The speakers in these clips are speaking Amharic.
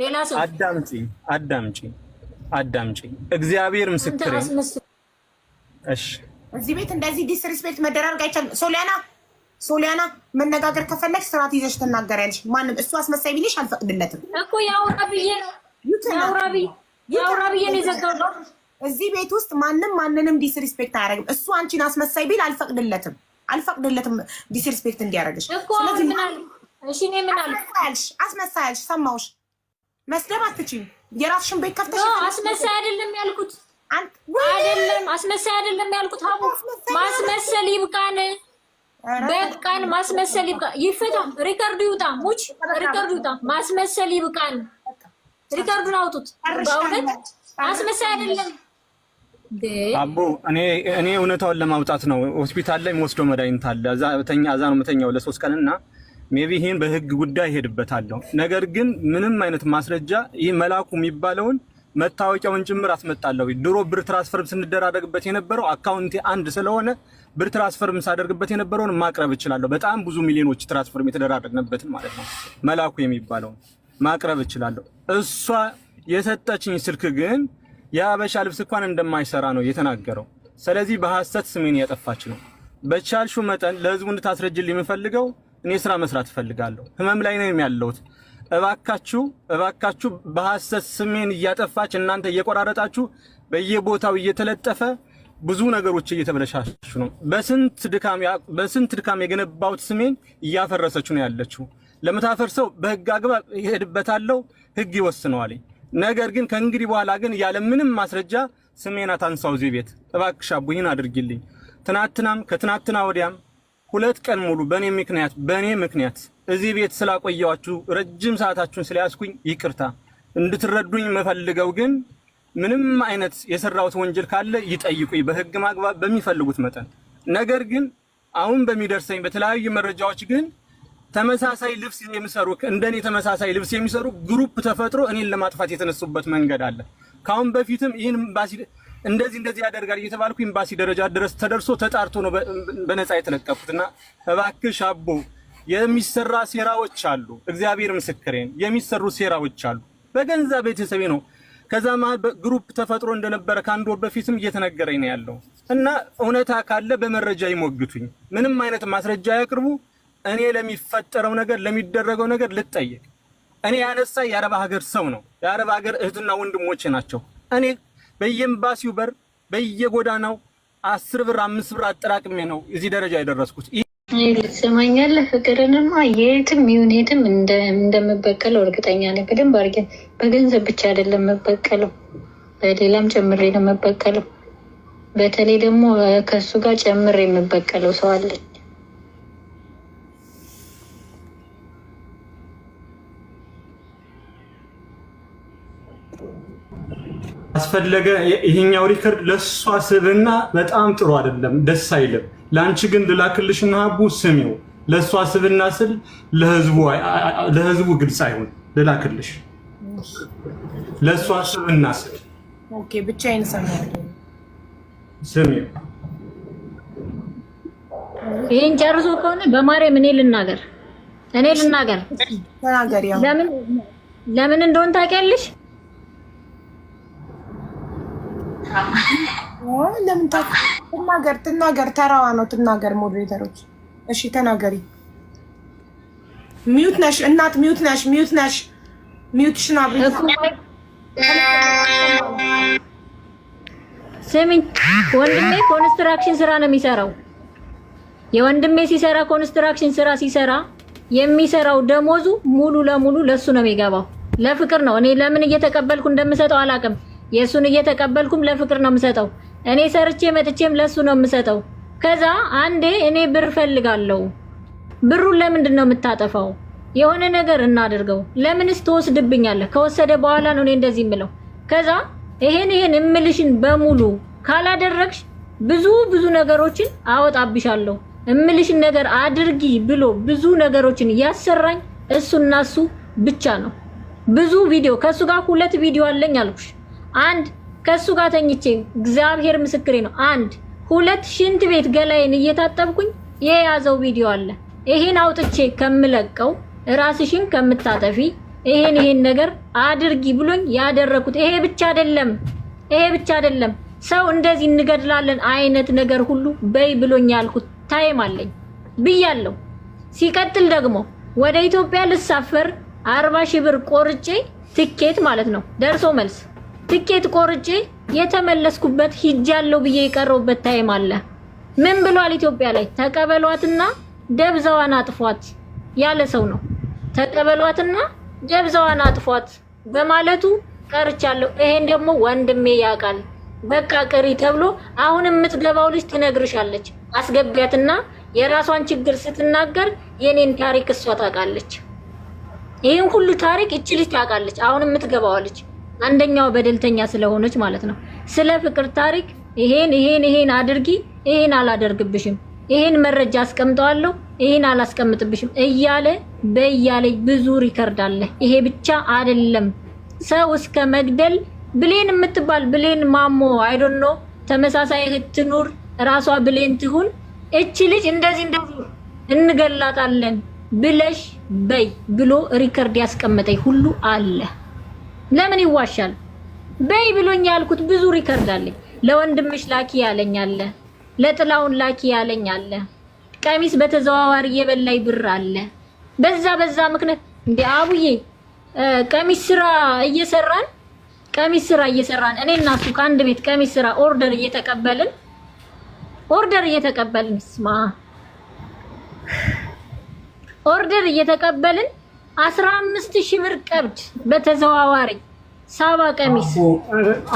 ሌላ ሰው አዳምጪኝ፣ አዳምጪኝ፣ አዳምጪኝ። እግዚአብሔር ምስክሬ። እሺ፣ እዚህ ቤት እንደዚህ ዲስሪስፔክት መደራረግ አይቻልም። ሶሊያና ሶሊያና መነጋገር ከፈለግሽ ስርዓት ይዘሽ ትናገሪያለሽ። ማንም እሱ አስመሳይ ቢልሽ አልፈቅድለትም እኮ የአውራ ብዬ ነው ብዬ ነው የዘጋው። እዚህ ቤት ውስጥ ማንም ማንንም ዲስሪስፔክት አያደርግም። እሱ አንቺን አስመሳይ ቢል አልፈቅድለትም፣ አልፈቅድለትም ዲስሪስፔክት እንዲያደርግሽ። ስለዚህ ምን አልሽ? አስመሳይ አልሽ፣ ሰማሁሽ መስደብ አትችይም። የራስሽን ቤት ከፍተሽ አስመሳይ አይደለም ያልኩት አይደለም አስመሳይ አይደለም ያልኩት። ሀቡ ማስመሰል ይብቃን፣ በቃን። ማስመሰል ይብቃ ይፈታ፣ ሪከርዱ ይውጣ፣ ሙች ሪከርዱ ይውጣ። ማስመሰል ይብቃን፣ ሪከርዱን አውጡት። በእውነት አስመሳይ አይደለም። አቦ እኔ እኔ እውነታውን ለማውጣት ነው። ሆስፒታል ላይ ወስዶ መድኃኒት አለ እዛ ተኛ እዛ ነው መተኛው ለሶስት ቀን እና ሜቢ ይህን በህግ ጉዳይ ይሄድበታለሁ። ነገር ግን ምንም አይነት ማስረጃ ይህ መላኩ የሚባለውን መታወቂያውን ጭምር አስመጣለሁ። ድሮ ብር ትራንስፈርም ስንደራደግበት የነበረው አካውንቴ አንድ ስለሆነ ብር ትራንስፈርም ሳደርግበት የነበረውን ማቅረብ እችላለሁ። በጣም ብዙ ሚሊዮኖች ትራንስፈርም የተደራረግንበትን ማለት ነው። መላኩ የሚባለውን ማቅረብ እችላለሁ። እሷ የሰጠችኝ ስልክ ግን የአበሻ ልብስ እንኳን እንደማይሰራ ነው የተናገረው። ስለዚህ በሐሰት ስሜን ያጠፋች ነው። በቻልሹ መጠን ለህዝቡ እንድታስረጅል የምፈልገው እኔ ስራ መስራት እፈልጋለሁ፣ ህመም ላይ ነው ያለሁት። እባካችሁ እባካችሁ በሐሰት ስሜን እያጠፋች እናንተ እየቆራረጣችሁ በየቦታው እየተለጠፈ ብዙ ነገሮች እየተበለሻሹ ነው። በስንት ድካም የገነባሁት ስሜን እያፈረሰች ነው ያለችው። ለምታፈርሰው በህግ አግባብ እሄድበታለሁ፣ ህግ ይወስነዋል። ነገር ግን ከእንግዲህ በኋላ ግን ያለምንም ማስረጃ ስሜን አታንሳው። እዚህ ቤት እባክሽ አቡ ይህን አድርጊልኝ። ትናትናም ከትናትና ወዲያም ሁለት ቀን ሙሉ በእኔ ምክንያት በእኔ ምክንያት እዚህ ቤት ስላቆየዋችሁ ረጅም ሰዓታችሁን ስለያዝኩኝ ይቅርታ። እንድትረዱኝ የምፈልገው ግን ምንም አይነት የሰራሁት ወንጀል ካለ ይጠይቁኝ በህግ ማግባብ በሚፈልጉት መጠን። ነገር ግን አሁን በሚደርሰኝ በተለያዩ መረጃዎች ግን ተመሳሳይ ልብስ የሚሰሩ እንደኔ ተመሳሳይ ልብስ የሚሰሩ ግሩፕ ተፈጥሮ እኔን ለማጥፋት የተነሱበት መንገድ አለ። ካሁን በፊትም ይህን እንደዚህ እንደዚህ ያደርጋል እየተባልኩ ኤምባሲ ደረጃ ድረስ ተደርሶ ተጣርቶ ነው በነፃ የተለቀቁት። እና እባክሽ አቦ የሚሰራ ሴራዎች አሉ። እግዚአብሔር ምስክሬን የሚሰሩ ሴራዎች አሉ። በገንዛ ቤተሰቤ ነው። ከዛ መሀል ግሩፕ ተፈጥሮ እንደነበረ ከአንድ ወር በፊትም እየተነገረኝ ነው ያለው። እና እውነታ ካለ በመረጃ ይሞግቱኝ፣ ምንም አይነት ማስረጃ ያቅርቡ። እኔ ለሚፈጠረው ነገር ለሚደረገው ነገር ልጠየቅ። እኔ ያነሳ የአረብ ሀገር ሰው ነው፣ የአረብ ሀገር እህትና ወንድሞቼ ናቸው። እኔ በየኤምባሲው በር በየጎዳናው አስር ብር አምስት ብር አጠራቅሜ ነው እዚህ ደረጃ የደረስኩት። ትሰማኛለህ? ፍቅርንማ የትም ይሁን የትም እንደምበቀለው እርግጠኛ ነኝ። በደንብ አድርጌ በገንዘብ ብቻ አይደለም መበቀለው፣ በሌላም ጨምሬ ነው መበቀለው። በተለይ ደግሞ ከእሱ ጋር ጨምሬ የምበቀለው ሰው አለኝ። አስፈለገ ይሄኛው ሪከርድ ለእሷ ስብና በጣም ጥሩ አይደለም፣ ደስ አይልም። ለአንቺ ግን ልላክልሽ ሀቡ ስሚው። ለእሷ ስብና ስል ለህዝቡ ግልጽ አይሆን ልላክልሽ። ለእሷ ስብና ስል ብቻዬን ስሚው። ይህን ጨርሶ ከሆነ በማርያም እኔ ልናገር እኔ ልናገር ለምን እንደሆን ታውቂያለሽ? ለምን ትናገር ትናገር፣ ተራዋ ነው ትናገር። ሞዴሬተሮች እሺ ተናገሪ። ሚዩት ነሽ እናት፣ ሚዩት ነሽ፣ ሚዩት ነሽ፣ ሚዩትሽን አብሪ። ስሚኝ ወንድሜ ኮንስትራክሽን ስራ ነው የሚሰራው። የወንድሜ ሲሰራ ኮንስትራክሽን ስራ ሲሰራ የሚሰራው ደሞዙ ሙሉ ለሙሉ ለሱ ነው የሚገባው። ለፍቅር ነው። እኔ ለምን እየተቀበልኩ እንደምሰጠው አላውቅም። የእሱን እየተቀበልኩም ለፍቅር ነው የምሰጠው። እኔ ሰርቼ መጥቼም ለእሱ ነው የምሰጠው። ከዛ አንዴ እኔ ብር ፈልጋለሁ። ብሩን ለምንድን ነው የምታጠፋው? የሆነ ነገር እናድርገው። ለምንስ ትወስድብኛለህ? ከወሰደ በኋላ ነው እኔ እንደዚህ የምለው። ከዛ ይሄን ይሄን እምልሽን በሙሉ ካላደረግሽ ብዙ ብዙ ነገሮችን አወጣብሻለሁ እምልሽን ነገር አድርጊ ብሎ ብዙ ነገሮችን እያሰራኝ እሱና እሱ ብቻ ነው። ብዙ ቪዲዮ ከእሱ ጋር ሁለት ቪዲዮ አለኝ አልኩሽ። አንድ ከሱ ጋር ተኝቼ እግዚአብሔር ምስክሬ ነው። አንድ ሁለት ሽንት ቤት ገላይን እየታጠብኩኝ የያዘው ቪዲዮ አለ። ይሄን አውጥቼ ከምለቀው ራስሽን ከምታጠፊ ይሄን ይሄን ነገር አድርጊ ብሎኝ ያደረኩት ይሄ ብቻ አይደለም። ይሄ ብቻ አይደለም። ሰው እንደዚህ እንገድላለን አይነት ነገር ሁሉ በይ ብሎኝ ያልኩት ታይም አለኝ ብያለሁ። ሲቀጥል ደግሞ ወደ ኢትዮጵያ ልሳፈር አርባ ሺህ ብር ቆርጬ ትኬት ማለት ነው ደርሶ መልስ ትኬት ቆርጬ የተመለስኩበት ሂጅ ያለው ብዬ የቀረውበት ታይም አለ። ምን ብሏል? ኢትዮጵያ ላይ ተቀበሏትና ደብዛዋን አጥፏት ያለ ሰው ነው። ተቀበሏትና ደብዛዋን አጥፏት በማለቱ ቀርቻለሁ። ይሄን ደግሞ ወንድሜ ያውቃል። በቃ ቅሪ ተብሎ አሁን የምትገባው ልጅ ትነግርሻለች። አስገቢያትና የራሷን ችግር ስትናገር የኔን ታሪክ እሷ ታውቃለች። ይህን ሁሉ ታሪክ እች ልጅ ታውቃለች። አሁን የምትገባዋለች አንደኛው በደልተኛ ስለሆነች ማለት ነው። ስለ ፍቅር ታሪክ ይሄን ይሄን ይሄን አድርጊ፣ ይሄን አላደርግብሽም፣ ይሄን መረጃ አስቀምጠዋለሁ፣ ይሄን አላስቀምጥብሽም እያለ በእያለ ብዙ ሪከርድ አለ። ይሄ ብቻ አይደለም፣ ሰው እስከ መግደል ብሌን የምትባል ብሌን ማሞ አይዶኖ ተመሳሳይ ትኑር ራሷ ብሌን ትሁን እቺ ልጅ እንደዚህ እንደዚህ እንገላታለን ብለሽ በይ ብሎ ሪከርድ ያስቀመጠኝ ሁሉ አለ። ለምን ይዋሻል? በይ ብሎኝ ያልኩት ብዙ ሪከርድ አለኝ። ለወንድምሽ ላኪ ያለኝ አለ፣ ለጥላውን ላኪ ያለኝ አለ፣ ቀሚስ በተዘዋዋሪ የበላይ ብር አለ። በዛ በዛ ምክንያት እንደ አቡዬ ቀሚስ ስራ እየሰራን ቀሚስ ስራ እየሰራን እኔ እና እሱ ከአንድ ቤት ቀሚስ ስራ ኦርደር እየተቀበልን ኦርደር እየተቀበልን ስማ ኦርደር እየተቀበልን አስራ አምስት ሺህ ብር ቀብድ በተዘዋዋሪ ሳባ ቀሚስ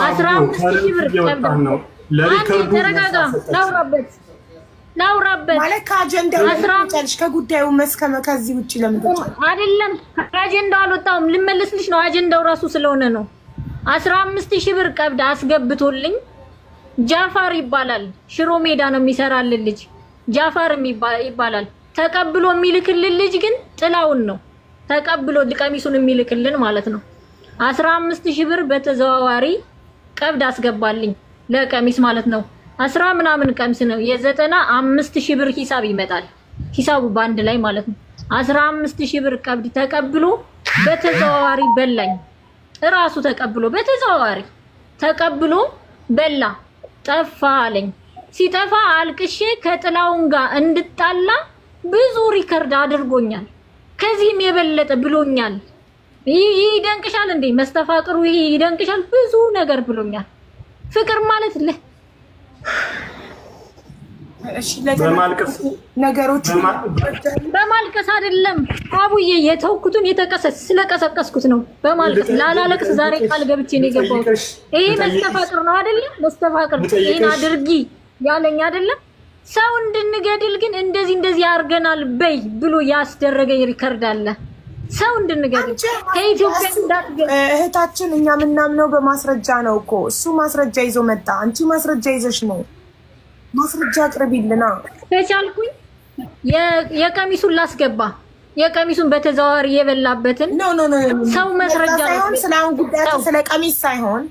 አስራ አምስት ሺህ ብር ቀብድ። ተረጋጋም ላውራበት ላውራበት ማለት ከአጀንዳው ጨርሽ ከጉዳዩ መስከመ ከዚህ ውጭ ለምንድን አይደለም፣ ከአጀንዳው አልወጣሁም። ልመለስልሽ ነው አጀንዳው ራሱ ስለሆነ ነው። አስራ አምስት ሺህ ብር ቀብድ አስገብቶልኝ ጃፋር ይባላል። ሽሮ ሜዳ ነው የሚሰራልን ልጅ ጃፋር ይባላል። ተቀብሎ የሚልክልን ልጅ ግን ጥላውን ነው ተቀብሎ ቀሚሱን የሚልክልን ማለት ነው። አስራ አምስት ሺህ ብር በተዘዋዋሪ ቀብድ አስገባልኝ ለቀሚስ ማለት ነው። አስራ ምናምን ቀሚስ ነው የዘጠና አምስት ሺህ ብር ሂሳብ ይመጣል። ሂሳቡ በአንድ ላይ ማለት ነው። አስራ አምስት ሺህ ብር ቀብድ ተቀብሎ በተዘዋዋሪ በላኝ። እራሱ ተቀብሎ በተዘዋዋሪ ተቀብሎ በላ። ጠፋ አለኝ። ሲጠፋ አልቅሼ ከጥላውን ጋር እንድጣላ ብዙ ሪከርድ አድርጎኛል። ከዚህም የበለጠ ብሎኛል። ይህ ይደንቅሻል እንዴ መስተፋቅሩ፣ ይህ ይደንቅሻል፣ ብዙ ነገር ብሎኛል። ፍቅር ማለት ልህ በማልቀስ አይደለም አቡዬ፣ የተውኩትን የተቀሰስ ስለቀሰቀስኩት ነው። በማልቀስ ላላለቅስ ዛሬ ቃል ገብቼ ነው የገባሁት። ይሄ መስተፋቅር ነው አይደለም? መስተፋቅር ይሄን አድርጊ ያለኝ አይደለም ሰው እንድንገድል ግን እንደዚህ እንደዚህ አድርገናል በይ ብሎ ያስደረገ ሪከርድ አለ። ሰው እንድንገድል ከኢትዮጵያ እህታችን፣ እኛ የምናምነው በማስረጃ ነው እኮ። እሱ ማስረጃ ይዞ መጣ፣ አንቺ ማስረጃ ይዘሽ ነው። ማስረጃ አቅርቢልና ተቻልኩኝ። የቀሚሱን ላስገባ የቀሚሱን በተዘዋዋሪ የበላበትን ሰው መስረጃ ሳይሆን ስለ አሁን ጉዳያችን ስለ ቀሚስ ሳይሆን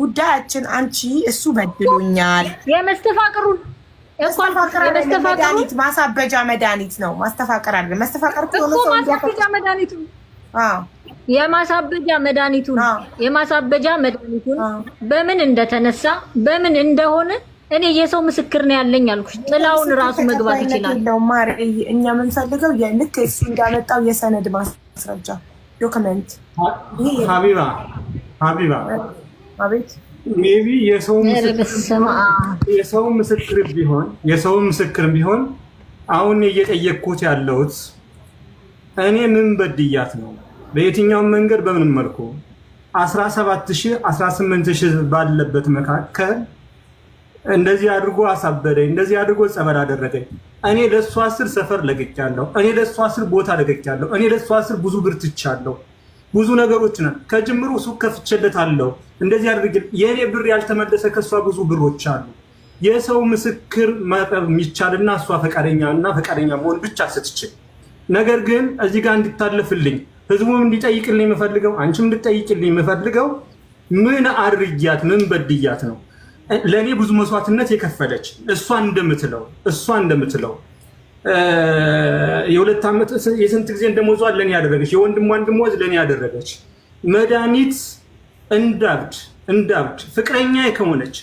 ጉዳያችን አንቺ እሱ በድሎኛል የመስተፋቅሩን መድኃኒት ማሳበጃ መድኃኒት ነው። ማስተፋቀር አይደለም። ማስተፋቀር ከሆነ ማሳበጃ መድኃኒቱ የማሳበጃ መድኃኒቱን የማሳበጃ መድኃኒቱን በምን እንደተነሳ በምን እንደሆነ እኔ የሰው ምስክር ነው ያለኝ አልኩሽ። ጥላውን ራሱ መግባት ይችላል። እኛ የምንፈልገው ልክ እሱ እንዳመጣው የሰነድ ማስረጃ ዶክመንት ሀቢባ ሀቢባ ሜቢ የሰው ምስክር ቢሆን የሰው ምስክር ቢሆን አሁን እየጠየቅኩት ያለሁት እኔ ምን በድያት ነው? በየትኛውም መንገድ በምንም መልኩ 18 18000 ባለበት መካከል እንደዚህ አድርጎ አሳበደኝ፣ እንደዚህ አድርጎ ጸበል አደረገኝ። እኔ ለእሷ ስር ሰፈር ለቅቄያለሁ። እኔ ለእሷ ስር ቦታ ለቅቄያለሁ። እኔ ለእሷ ስር ብዙ ብር ትቻለሁ። ብዙ ነገሮች ነን። ከጅምሩ ሱቅ ከፍቼለታለሁ እንደዚህ አድርግ። የእኔ ብር ያልተመለሰ ከእሷ ብዙ ብሮች አሉ። የሰው ምስክር መጠብ የሚቻልና እሷ ፈቃደኛ እና ፈቃደኛ መሆን ብቻ ስትችል፣ ነገር ግን እዚህ ጋር እንዲታለፍልኝ ህዝቡም እንዲጠይቅልኝ የምፈልገው አንቺም እንድጠይቅልኝ የምፈልገው ምን አድርጊያት ምን በድያት ነው ለእኔ ብዙ መስዋዕትነት የከፈለች እሷ እንደምትለው እሷ እንደምትለው የሁለት ዓመት የስንት ጊዜ እንደሞዟን ለእኔ ያደረገች የወንድሟን ደሞዝ ለእኔ ያደረገች መድኃኒት እንዳብድ እንዳብድ ፍቅረኛ ከሆነች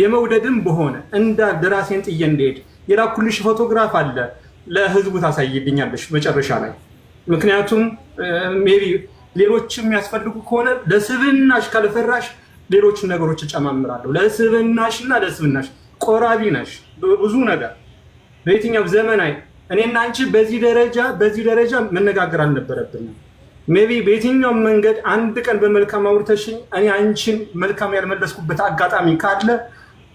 የመውደድም በሆነ እንዳብድ ራሴን ጥዬ እንደሄድ የላኩልሽ ፎቶግራፍ አለ ለህዝቡ ታሳይብኛለች መጨረሻ ላይ። ምክንያቱም ቢ ሌሎች የሚያስፈልጉ ከሆነ ለስብናሽ ካልፈራሽ ሌሎች ነገሮች እጨማምራለሁ። ለስብናሽ እና ለስብናሽ ቆራቢ ነሽ ብዙ ነገር በየትኛው ዘመናዊ እኔና አንቺ በዚህ ደረጃ በዚህ ደረጃ መነጋገር አልነበረብንም። ሜቢ በየትኛውም መንገድ አንድ ቀን በመልካም አውርተሽኝ እኔ አንቺን መልካም ያልመለስኩበት አጋጣሚ ካለ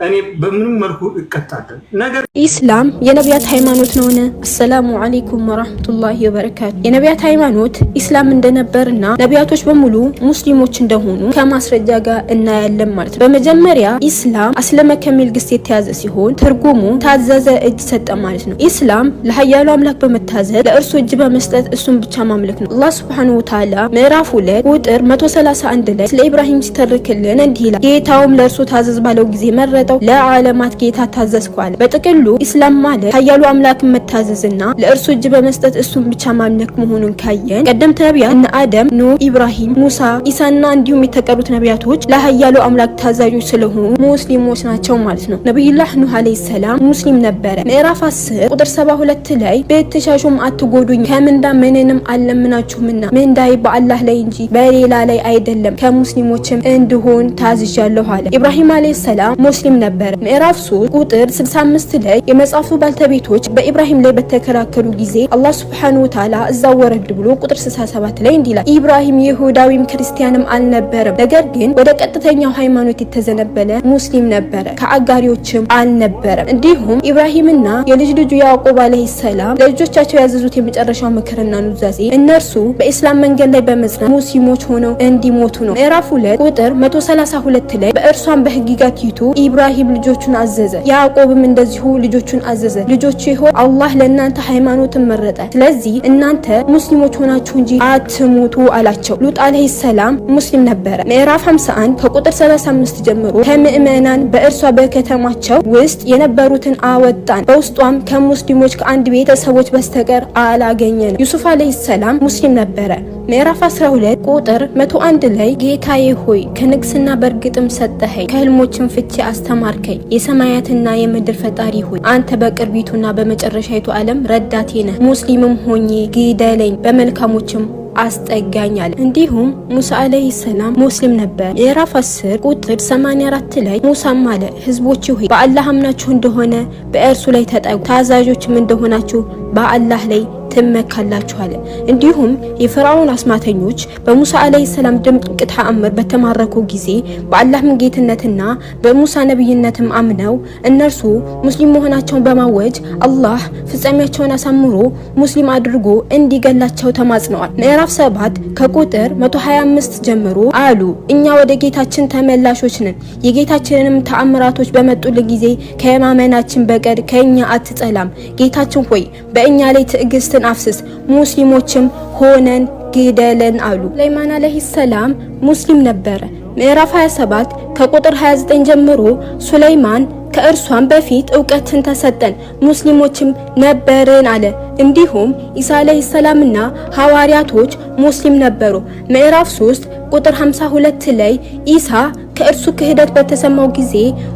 እኔ በምንም መልኩ እቀጣለሁ። ነገር ኢስላም የነቢያት ሃይማኖት ነውን? አሰላሙ አለይኩም ወራህመቱላሂ ወበረካቱ። የነቢያት ሃይማኖት ኢስላም እንደነበርና ነቢያቶች በሙሉ ሙስሊሞች እንደሆኑ ከማስረጃ ጋር እናያለን ማለት ነው። በመጀመሪያ ኢስላም አስለመ ከሚል ግስ የተያዘ ሲሆን ትርጉሙ ታዘዘ፣ እጅ ሰጠ ማለት ነው። ኢስላም ለሀያሉ አምላክ በመታዘዝ ለእርሱ እጅ በመስጠት እሱን ብቻ ማምለክ ነው። አላህ ሱብሓነሁ ወተዓላ ምዕራፍ ሁለት ቁጥር 131 ላይ ስለ ኢብራሂም ሲተርክልን እንዲህ ይላል፣ ጌታውም ለእርሱ ታዘዝ ባለው ጊዜ መረጠ የተሰጠው ለዓለማት ጌታ ታዘዝኳል። በጥቅሉ ኢስላም ማለት ኃያሉ አምላክን መታዘዝና ለእርሱ እጅ በመስጠት እሱን ብቻ ማምለክ መሆኑን ካየን ቀደምት ነቢያት እነ አደም፣ ኑህ፣ ኢብራሂም፣ ሙሳ፣ ኢሳና እንዲሁም የተቀሩት ነቢያቶች ለኃያሉ አምላክ ታዛዦች ስለሆኑ ሙስሊሞች ናቸው ማለት ነው። ነቢዩላህ ኑህ አለይሂ ሰላም ሙስሊም ነበረ። ምዕራፍ 10 ቁጥር 72 ላይ በተሻሹም አትጎዱኝ ከምንዳ ምንንም አለምናችሁምና ምንዳይ በአላህ ላይ እንጂ በሌላ ላይ አይደለም ከሙስሊሞችም እንድሆን ታዝዣለሁ አለ። ኢብራሂም አለይሂ ሰላም ሙስሊም ነበር። ምዕራፍ 3 ቁጥር 65 ላይ የመጽሐፉ ባልተቤቶች በኢብራሂም ላይ በተከራከሩ ጊዜ አላህ ሱብሓነሁ ወተዓላ እዛ ወረድ ብሎ ቁጥር 67 ላይ እንዲላል ኢብራሂም ይሁዳዊም ክርስቲያንም አልነበረም፣ ነገር ግን ወደ ቀጥተኛው ሃይማኖት የተዘነበለ ሙስሊም ነበረ፣ ከአጋሪዎችም አልነበረም። እንዲሁም ኢብራሂምና የልጅ ልጁ ያዕቆብ አለይሂ ሰላም ለልጆቻቸው ያዘዙት የመጨረሻው ምክርና ኑዛዜ እነርሱ በኢስላም መንገድ ላይ በመጽናት ሙስሊሞች ሆነው እንዲሞቱ ነው። ምዕራፍ 2 ቁጥር 132 ላይ በእርሷን በህግጋቲቱ ኢብራሂም ልጆቹን አዘዘ። ያዕቆብም እንደዚሁ ልጆቹን አዘዘ። ልጆች ሆይ አላህ ለእናንተ ሃይማኖትን መረጠ፣ ስለዚህ እናንተ ሙስሊሞች ሆናችሁ እንጂ አትሙቱ አላቸው። ሉጥ አለይሂ ሰላም ሙስሊም ነበረ። ምዕራፍ 51 ከቁጥር 35 ጀምሮ ከምእመናን በእርሷ በከተማቸው ውስጥ የነበሩትን አወጣን፣ በውስጧም ከሙስሊሞች ከአንድ ቤተሰቦች በስተቀር አላገኘንም። ዩሱፍ አለይሂ ሰላም ሙስሊም ነበረ። ምዕራፍ 12 ቁጥር 101 ላይ ጌታዬ ሆይ ከንግስና በእርግጥም ሰጠኸኝ፣ ከህልሞችም ፍቺ አስተማርከኝ። የሰማያትና የምድር ፈጣሪ ሆይ አንተ በቅርቢቱና በመጨረሻይቱ ዓለም ረዳቴ ነህ። ሙስሊምም ሆኜ ግደለኝ፣ በመልካሞችም አስጠጋኛል። እንዲሁም ሙሳ አለይሂ ሰላም ሙስሊም ነበር። ምዕራፍ 10 ቁጥር 84 ላይ ሙሳም አለ ህዝቦች ሆይ በአላህ አምናችሁ እንደሆነ በእርሱ ላይ ተጠጉ፣ ታዛዦችም እንደሆናችሁ በአላህ ላይ ትመካላችኋል። እንዲሁም የፈርዖን አስማተኞች በሙሳ አለይሂ ሰላም ድንቅ ተአምር በተማረኩ ጊዜ በአላህም ጌትነትና በሙሳ ነብይነትም አምነው እነርሱ ሙስሊም መሆናቸውን በማወጅ አላህ ፍጻሜያቸውን አሳምሮ ሙስሊም አድርጎ እንዲገላቸው ተማጽነዋል። ምዕራፍ 7 ከቁጥር 125 ጀምሮ አሉ እኛ ወደ ጌታችን ተመላሾች ነን፣ የጌታችንንም ተአምራቶች በመጡልን ጊዜ ከማመናችን በቀር ከእኛ አትጸላም። ጌታችን ሆይ በእኛ ላይ ትዕግስት ደማችንን አፍስስ፣ ሙስሊሞችም ሆነን ግደለን አሉ። ሱለይማን አለይሂ ሰላም ሙስሊም ነበረ። ምዕራፍ 27 ከቁጥር 29 ጀምሮ ሱለይማን ከእርሷም በፊት እውቀትን ተሰጠን ሙስሊሞችም ነበርን አለ። እንዲሁም ኢሳ አለይሂ ሰላምና ሐዋርያቶች ሙስሊም ነበሩ። ምዕራፍ 3 ቁጥር 52 ላይ ኢሳ ከእርሱ ክህደት በተሰማው ጊዜ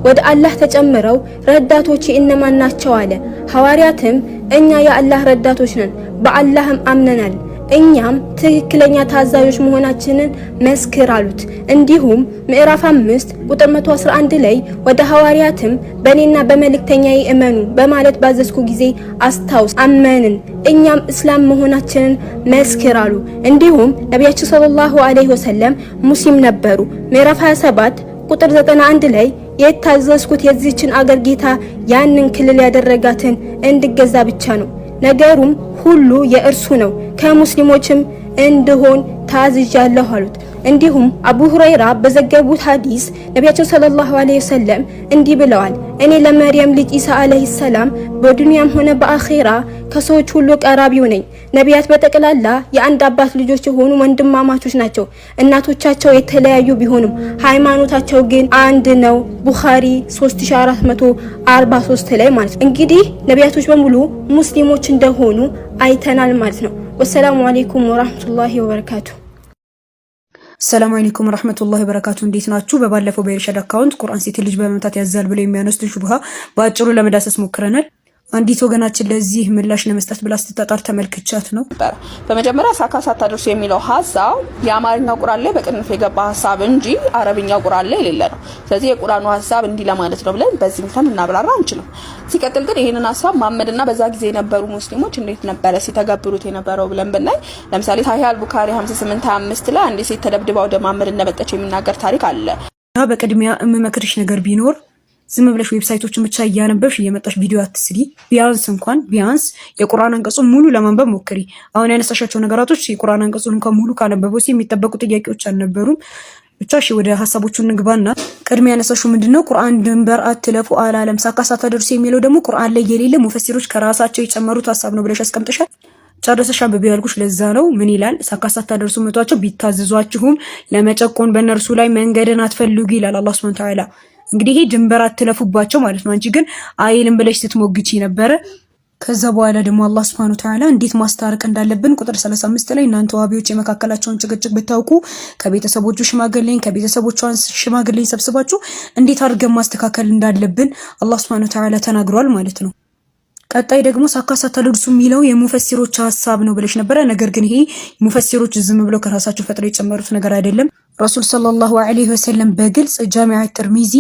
ወደ አላህ ተጨምረው ረዳቶች እነማን ናቸው አለ። ሐዋርያትም እኛ የአላህ ረዳቶች ነን፣ በአላህም አምነናል እኛም ትክክለኛ ታዛዦች መሆናችንን መስክር አሉት። እንዲሁም ምዕራፍ 5 ቁጥር 111 ላይ ወደ ሐዋርያትም በእኔና በመልእክተኛዬ እመኑ በማለት ባዘዝኩ ጊዜ አስታውስ፣ አመንን እኛም እስላም መሆናችንን መስክር አሉ። እንዲሁም ነቢያችን ሰለላሁ ዐለይሂ ወሰለም ሙስሊም ነበሩ። ምዕራፍ 27 ቁጥር 91 ላይ የታዘዝኩት የዚህችን አገር ጌታ ያንን ክልል ያደረጋትን እንድገዛ ብቻ ነው። ነገሩም ሁሉ የእርሱ ነው፣ ከሙስሊሞችም እንድሆን ታዝዣለሁ አሉት። እንዲሁም አቡ ሁረይራ በዘገቡት ሐዲስ ነቢያችን ሰለላሁ ዐለይሂ ወሰለም እንዲህ ብለዋል፣ እኔ ለመርየም ልጅ ኢሳ ዐለይሂ ሰላም በዱንያም ሆነ በአኼራ ከሰዎች ሁሉ ቀራቢው ነኝ። ነቢያት በጠቅላላ የአንድ አባት ልጆች የሆኑ ወንድማማቾች ናቸው። እናቶቻቸው የተለያዩ ቢሆንም ሃይማኖታቸው ግን አንድ ነው። ቡኻሪ 3443 ላይ ማለት ነው። እንግዲህ ነቢያቶች በሙሉ ሙስሊሞች እንደሆኑ አይተናል ማለት ነው። ወሰላሙ አሌይኩም ወራህመቱላሂ ወበረካቱ። ሰላም አለይኩም ረህመቱላሂ በረካቱ። እንዴት ናችሁ? በባለፈው በኤርሻድ አካውንት ቁርአን ሴት ልጅ በመምታት ያዛል ብለው የሚያነሱትን ሹብሃ በአጭሩ ለመዳሰስ ሞክረናል። አንዲት ወገናችን ለዚህ ምላሽ ለመስጠት ብላ ስትጣጣር ተመልክቻት ነው። በመጀመሪያ ሳካ ሳታደርሱ የሚለው ሀሳብ የአማርኛ ቁራን ላይ በቅንፍ የገባ ሀሳብ እንጂ አረብኛ ቁራን ላይ የሌለ ነው። ስለዚህ የቁራኑ ሀሳብ እንዲህ ለማለት ነው ብለን በዚህ ምክንያት ልናብራራ አንችልም። ሲቀጥል ግን ይህንን ሀሳብ ማመድና በዛ ጊዜ የነበሩ ሙስሊሞች እንዴት ነበረ ሲተገብሩት የነበረው ብለን ብናይ ለምሳሌ ሳሂህ አልቡካሪ 5825 ላይ አንዲት ሴት ተደብድባ ወደ ማመድ እንደመጠች የሚናገር ታሪክ አለ። በቅድሚያ የምመክርሽ ነገር ቢኖር ዝም ብለሽ ዌብሳይቶችን ብቻ እያነበብሽ እየመጣሽ ቪዲዮ አትስሪ። ቢያንስ እንኳን ቢያንስ የቁርአን አንቀጹን ሙሉ ለማንበብ ሞክሪ። አሁን ያነሳሻቸው ነገራቶች የቁርአን አንቀጹን እንኳን ሙሉ ካነበበው የሚጠበቁ ጥያቄዎች አልነበሩም። ብቻ እሺ፣ ወደ ሀሳቦቹን ንግባና ቅድሚ ያነሳሹ ምንድን ነው? ቁርአን ድንበር አትለፉ አላለም። ሳካ ሳታደርሱ የሚለው ደግሞ ቁርአን ላይ የሌለ ሙፈሲሮች ከራሳቸው የጨመሩት ሀሳብ ነው ብለሽ አስቀምጥሻል። ጨረሰሻ አንብቤ ያልኩሽ ለዛ ነው። ምን ይላል? ሳካ ሳታደርሱ መቷቸው ቢታዘዟችሁም ለመጨቆን በእነርሱ ላይ መንገድን አትፈልጉ ይላል አላህ ሱብሃነሁ ወተዓላ እንግዲህ ይሄ ድንበር አትለፉባቸው ማለት ነው። አንቺ ግን አይልም ብለሽ ስትሞግቺ ነበረ። ከዛ በኋላ ደግሞ አላህ ሱብሃነሁ ወተዓላ እንዴት ማስታረቅ እንዳለብን ቁጥር 35 ላይ እናንተ ዋቢዎች የመካከላቸውን ጭቅጭቅ ብታውቁ ከቤተሰቦቹ ሽማግሌን ከቤተሰቦቿን ሽማግሌን ሰብስባችሁ እንዴት አድርገን ማስተካከል እንዳለብን አላህ ሱብሃነሁ ወተዓላ ተናግሯል ማለት ነው። ቀጣይ ደግሞ ሳካ ተልብሱ የሚለው የሙፈሲሮች ሀሳብ ነው ብለሽ ነበረ። ነገር ግን ይሄ ሙፈሲሮች ዝም ብለው ከራሳቸው ፈጥረው የጨመሩት ነገር አይደለም። ረሱል ሰለላሁ ዐለይሂ ወሰለም በግልጽ ጃሚዓ ትርሚዚ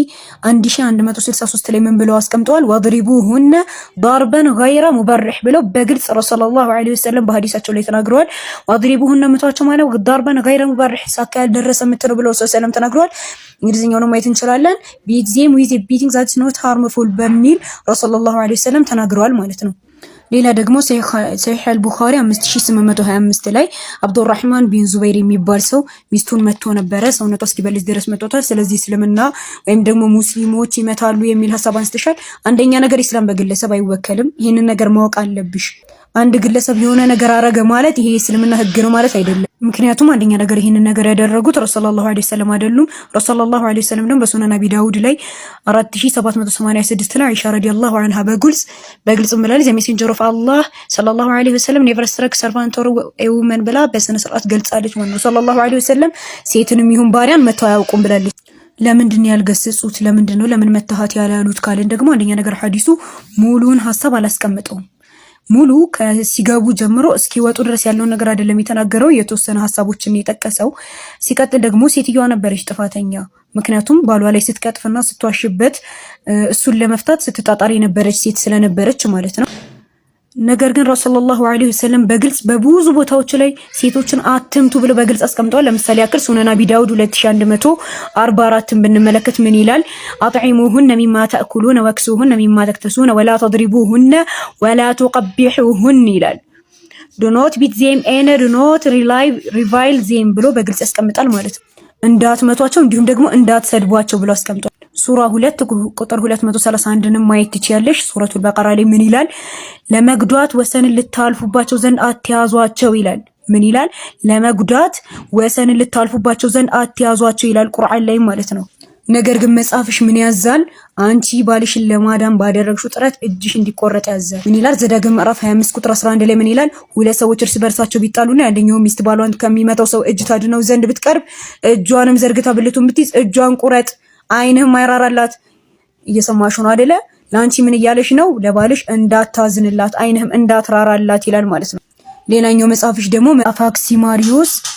1163 ላይ ምን ብለው አስቀምጠዋል? ወድሪቡሁነ ዳርበን ገይረ ሙበርሕ ብለው በግልጽ ረሱል ሰለላሁ ዐለይሂ ወሰለም በሀዲሳቸው ላይ ተናግረዋል። ወድሪቡሁነ ምቷቸው ማለት ዳርበን ገይረ ሙበርሕ ሳካ ያልደረሰ ምት ነው ብለው ሰለም ተናግረዋል። እንግሊዝኛውን ማየት እንችላለን። ቢኤግዜም ዊዝ ቢቲንግ ዛት ኖት ሃርምፉል በሚል ረሱል ሰለላሁ ዐለይሂ ወሰለም ተናግረዋል። ማለት ነው። ሌላ ደግሞ ሰሒሕ አልቡኻሪ 5825 ላይ አብዱራህማን ቢን ዙበይር የሚባል ሰው ሚስቱን መቶ ነበረ፣ ሰውነቷ እስኪበልዝ ድረስ መቶታል። ስለዚህ እስልምና ወይም ደግሞ ሙስሊሞች ይመታሉ የሚል ሀሳብ አንስተሻል። አንደኛ ነገር ኢስላም በግለሰብ አይወከልም። ይህንን ነገር ማወቅ አለብሽ። አንድ ግለሰብ የሆነ ነገር አረገ ማለት ይሄ የእስልምና ህግ ነው ማለት አይደለም። ምክንያቱም አንደኛ ነገር ይህንን ነገር ያደረጉት ረሱል ሰለላሁ ዐለይሂ ወሰለም አይደሉም። ረሱል ሰለላሁ ዐለይሂ ወሰለም ደግሞ በሱነን አቢ ዳውድ ላይ 4786 ላይ አይሻ ረዲየላሁ ዐንሃ በግልጽ በግልጽ ብላለች። ሜሴንጀር ኦፍ አላህ ሰለላሁ ዐለይሂ ወሰለም ኔቨር ስትረክ ሰርቫንት ኦር ኤውመን ብላ በስነ ስርዓት ገልጻለች። ወን ሰለላሁ ዐለይሂ ወሰለም ሴትንም ይሁን ባሪያን መተው አያውቁም ብላለች። ለምንድን ነው ያልገሰጹት? ለምንድን ነው ለምን መታሃት ያላሉት ካልን ደግሞ አንደኛ ነገር ሐዲሱ ሙሉውን ሀሳብ አላስቀምጠውም። ሙሉ ሲገቡ ጀምሮ እስኪወጡ ድረስ ያለውን ነገር አይደለም የተናገረው፣ የተወሰነ ሀሳቦችን የጠቀሰው። ሲቀጥል ደግሞ ሴትዮዋ ነበረች ጥፋተኛ፣ ምክንያቱም ባሏ ላይ ስትቀጥፍና ስትዋሽበት እሱን ለመፍታት ስትጣጣር የነበረች ሴት ስለነበረች ማለት ነው። ነገር ግን ረሱል ዐለይሂ ወሰለም በግልጽ በብዙ ቦታዎች ላይ ሴቶችን አትምቱ ብለው በግልጽ አስቀምጠዋል። ለምሳሌ ያክል ሱነን አቢ ዳውድ 2144ን ብንመለከት ምን ይላል? አጥዒሙሁነ ሚማ ተእኩሉነ ወክሱሁነ ሚማ ተክተሱነ ወላ ተድሪቡሁነ ወላ ቱቀቢሑሁን ይላል። ዶኖት ቢት ዜም ኤነ ዶኖት ሪቫይል ዜም ብሎ በግልጽ ያስቀምጣል ማለት ነው። እንዳትመቷቸው እንዲሁም ደግሞ እንዳትሰድቧቸው ብሎ አስቀምጧል። ሱራ ሁለት ቁጥር 231 ንም ማየት ትችያለሽ። ሱረቱል በቀራ ላይ ምን ይላል? ለመጉዳት ወሰን ልታልፉባቸው ዘንድ አትያዟቸው ይላል። ምን ይላል? ለመጉዳት ወሰን ልታልፉባቸው ዘንድ አትያዟቸው ይላል ቁርአን ላይ ማለት ነው። ነገር ግን መጽሐፍሽ ምን ያዛል? አንቺ ባልሽን ለማዳን ባደረግሽው ጥረት እጅሽ እንዲቆረጥ ያዘ። ምን ይላል? ዘዳግም ምዕራፍ 25 ቁጥር 11 ላይ ምን ይላል? ሁለት ሰዎች እርስ በርሳቸው ቢጣሉና አንደኛው ሚስት ባሏን ከሚመታው ሰው እጅ ታድነው ዘንድ ብትቀርብ እጇንም ዘርግታ ብልቱን ብትይዝ እጇን ቁረጥ አይንህ ማይራራላት እየሰማሽ ነው አደለ? ለአንቺ ምን እያለሽ ነው? ለባልሽ እንዳታዝንላት አይንህም እንዳትራራላት ይላል ማለት ነው። ሌላኛው መጽሐፍሽ ደግሞ መጽሐፈ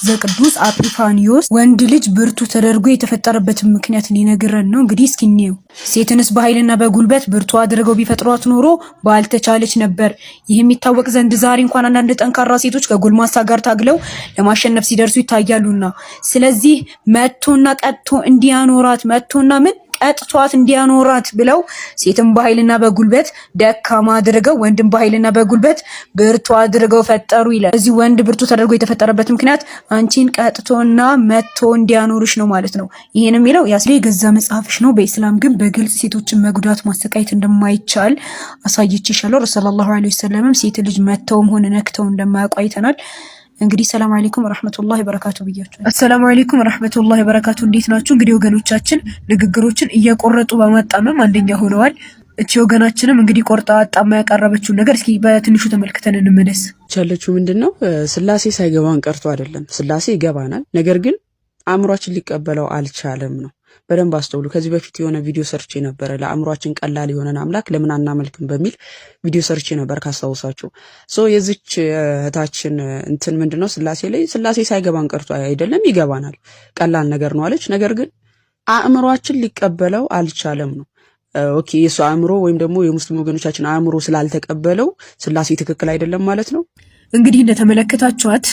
ዘቅዱስ አጲፋኒዮስ ወንድ ልጅ ብርቱ ተደርጎ የተፈጠረበትን ምክንያት ሊነግረን ነው። እንግዲህ እስኪ እንየው። ሴትንስ በኃይልና በጉልበት ብርቱ አድርገው ቢፈጥሯት ኖሮ ባልተቻለች ነበር። ይህ የሚታወቅ ዘንድ ዛሬ እንኳን አንዳንድ ጠንካራ ሴቶች ከጎልማሳ ጋር ታግለው ለማሸነፍ ሲደርሱ ይታያሉና፣ ስለዚህ መቶና ቀጥቶ እንዲያኖራት መቶና ምን ቀጥቷት እንዲያኖራት ብለው ሴትን በኃይልና በጉልበት ደካማ አድርገው ወንድን በኃይልና በጉልበት ብርቱ አድርገው ፈጠሩ ይላል። እዚህ ወንድ ብርቱ ተደርጎ የተፈጠረበት ምክንያት አንቺን ቀጥቶና መጥቶ እንዲያኖርሽ ነው ማለት ነው። ይህን የሚለው ያስ የገዛ መጽሐፍሽ ነው። በኢስላም ግን በግልጽ ሴቶችን መጉዳት ማሰቃየት እንደማይቻል አሳይቼሻለሁ። ረሱላሁ ዐለይሂ ወሰለም ሴት ልጅ መጥተውም ሆነ ነክተው እንደማያውቁ አይተናል። እንግዲህ ሰላም አለይኩም ረህመቱላሂ በረካቱ ብያችሁ። አሰላሙ አለይኩም ረህመቱላሂ በረካቱ። እንዴት ናችሁ? እንግዲህ ወገኖቻችን ንግግሮችን እየቆረጡ በማጣመም አንደኛ ሆነዋል። እቺ ወገናችንም እንግዲህ ቆርጣ አጣማ ያቀረበችውን ነገር እስኪ በትንሹ ተመልክተን እንመለስ። ቻለችው ምንድን ነው ስላሴ ሳይገባን ቀርቶ አይደለም፣ ስላሴ ይገባናል። ነገር ግን አእምሯችን ሊቀበለው አልቻለም ነው በደንብ አስተውሉ። ከዚህ በፊት የሆነ ቪዲዮ ሰርች ነበረ፣ ለአእምሯችን ቀላል የሆነን አምላክ ለምን አናመልክም በሚል ቪዲዮ ሰርች ነበር ካስታውሳችሁ። ሶ የዚች እህታችን እንትን ምንድን ነው ስላሴ ላይ ስላሴ ሳይገባን ቀርቶ አይደለም፣ ይገባናል። ቀላል ነገር ነው አለች። ነገር ግን አእምሯችን ሊቀበለው አልቻለም ነው ኦኬ የእሱ አእምሮ ወይም ደግሞ የሙስሊም ወገኖቻችን አእምሮ ስላልተቀበለው ስላሴ ትክክል አይደለም ማለት ነው። እንግዲህ እንደተመለከታችኋት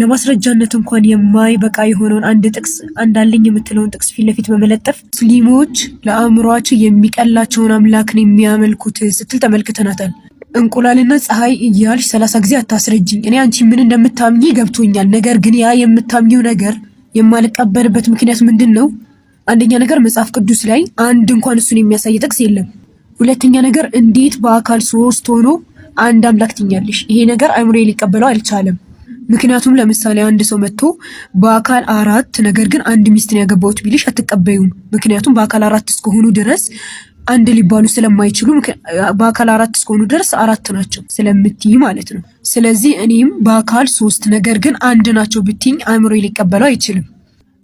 ለማስረጃነት እንኳን የማይበቃ የሆነውን አንድ ጥቅስ አንዳለኝ የምትለውን ጥቅስ ፊት ለፊት በመለጠፍ ሙስሊሞች ለአእምሯቸው የሚቀላቸውን አምላክን የሚያመልኩት ስትል ተመልክተናታል። እንቁላልና ፀሐይ እያልሽ ሰላሳ ጊዜ አታስረጅኝ። እኔ አንቺ ምን እንደምታምኚ ገብቶኛል። ነገር ግን ያ የምታምኚው ነገር የማልቀበልበት ምክንያት ምንድን ነው? አንደኛ ነገር መጽሐፍ ቅዱስ ላይ አንድ እንኳን እሱን የሚያሳይ ጥቅስ የለም። ሁለተኛ ነገር እንዴት በአካል ሶስት ሆኖ አንድ አምላክ ትኛለሽ? ይሄ ነገር አይምሮ ሊቀበለው አልቻለም። ምክንያቱም ለምሳሌ አንድ ሰው መጥቶ በአካል አራት ነገር ግን አንድ ሚስትን ያገባሁት ቢልሽ አትቀበዩም። ምክንያቱም በአካል አራት እስከሆኑ ድረስ አንድ ሊባሉ ስለማይችሉ በአካል አራት እስከሆኑ ድረስ አራት ናቸው ስለምትይ ማለት ነው። ስለዚህ እኔም በአካል ሶስት ነገር ግን አንድ ናቸው ብትኝ አእምሮ ሊቀበለው አይችልም።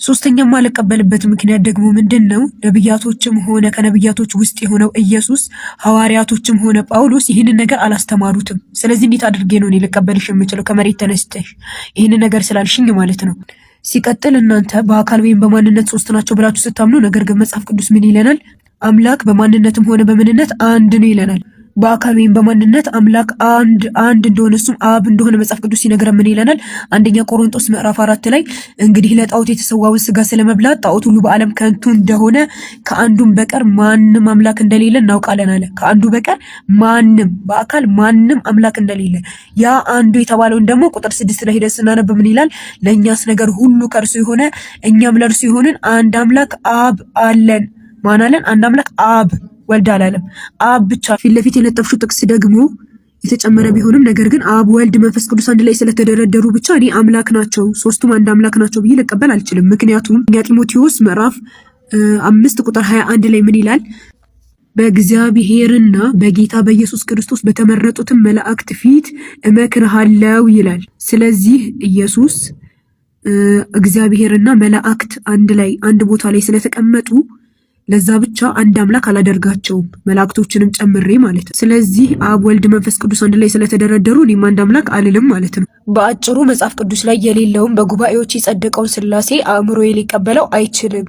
ሶስተኛ ማልቀበልበት ምክንያት ደግሞ ምንድን ነው? ነብያቶችም ሆነ ከነብያቶች ውስጥ የሆነው ኢየሱስ ሐዋርያቶችም ሆነ ጳውሎስ ይህንን ነገር አላስተማሩትም። ስለዚህ እንዴት አድርጌ ነው እኔ ልቀበልሽ የምችለው? ከመሬት ተነስተሽ ይህንን ነገር ስላልሽኝ ማለት ነው። ሲቀጥል እናንተ በአካል ወይም በማንነት ሶስት ናቸው ብላችሁ ስታምኑ፣ ነገር ግን መጽሐፍ ቅዱስ ምን ይለናል? አምላክ በማንነትም ሆነ በምንነት አንድ ነው ይለናል። በአካባቢም በማንነት አምላክ አንድ አንድ እንደሆነ እሱም አብ እንደሆነ መጽሐፍ ቅዱስ ሲነገረ ምን ይለናል? አንደኛ ቆሮንጦስ ምዕራፍ አራት ላይ እንግዲህ ለጣዖት የተሰዋው ስጋ ስለመብላት ጣዖት ሁሉ በዓለም ከንቱ እንደሆነ ከአንዱም በቀር ማንም አምላክ እንደሌለ እናውቃለን አለ። ከአንዱ በቀር ማንም በአካል ማንም አምላክ እንደሌለ ያ አንዱ የተባለውን ደግሞ ቁጥር ስድስት ላይ ሄደን ስናነብ ምን ይላል? ለእኛስ ነገር ሁሉ ከእርሱ የሆነ እኛም ለእርሱ የሆንን አንድ አምላክ አብ አለን። ማን አለን? አንድ አምላክ አብ ወልድ አላለም፣ አብ ብቻ። ፊት ለፊት የለጠፍሽው ጥቅስ ደግሞ የተጨመረ ቢሆንም ነገር ግን አብ ወልድ መንፈስ ቅዱስ አንድ ላይ ስለተደረደሩ ብቻ እኔ አምላክ ናቸው ሶስቱም አንድ አምላክ ናቸው ብዬ ልቀበል አልችልም። ምክንያቱም እኛ ጢሞቴዎስ ምዕራፍ አምስት ቁጥር ሀያ አንድ ላይ ምን ይላል? በእግዚአብሔርና በጌታ በኢየሱስ ክርስቶስ በተመረጡትም መላእክት ፊት እመክርሃለው ይላል። ስለዚህ ኢየሱስ እግዚአብሔርና መላእክት አንድ ላይ አንድ ቦታ ላይ ስለተቀመጡ ለዛ ብቻ አንድ አምላክ አላደርጋቸውም መላእክቶችንም ጨምሬ ማለት ነው። ስለዚህ አብ፣ ወልድ፣ መንፈስ ቅዱስ አንድ ላይ ስለተደረደሩ እኔም አንድ አምላክ አልልም ማለት ነው። በአጭሩ መጽሐፍ ቅዱስ ላይ የሌለውን በጉባኤዎች የጸደቀውን ስላሴ አእምሮዬ ሊቀበለው አይችልም።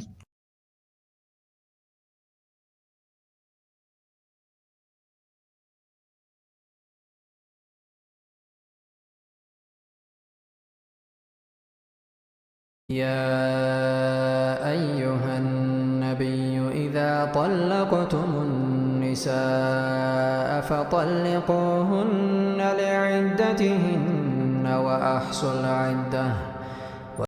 ያ طلقتم النساء فطلقوهن لعدتهن وأحصوا العده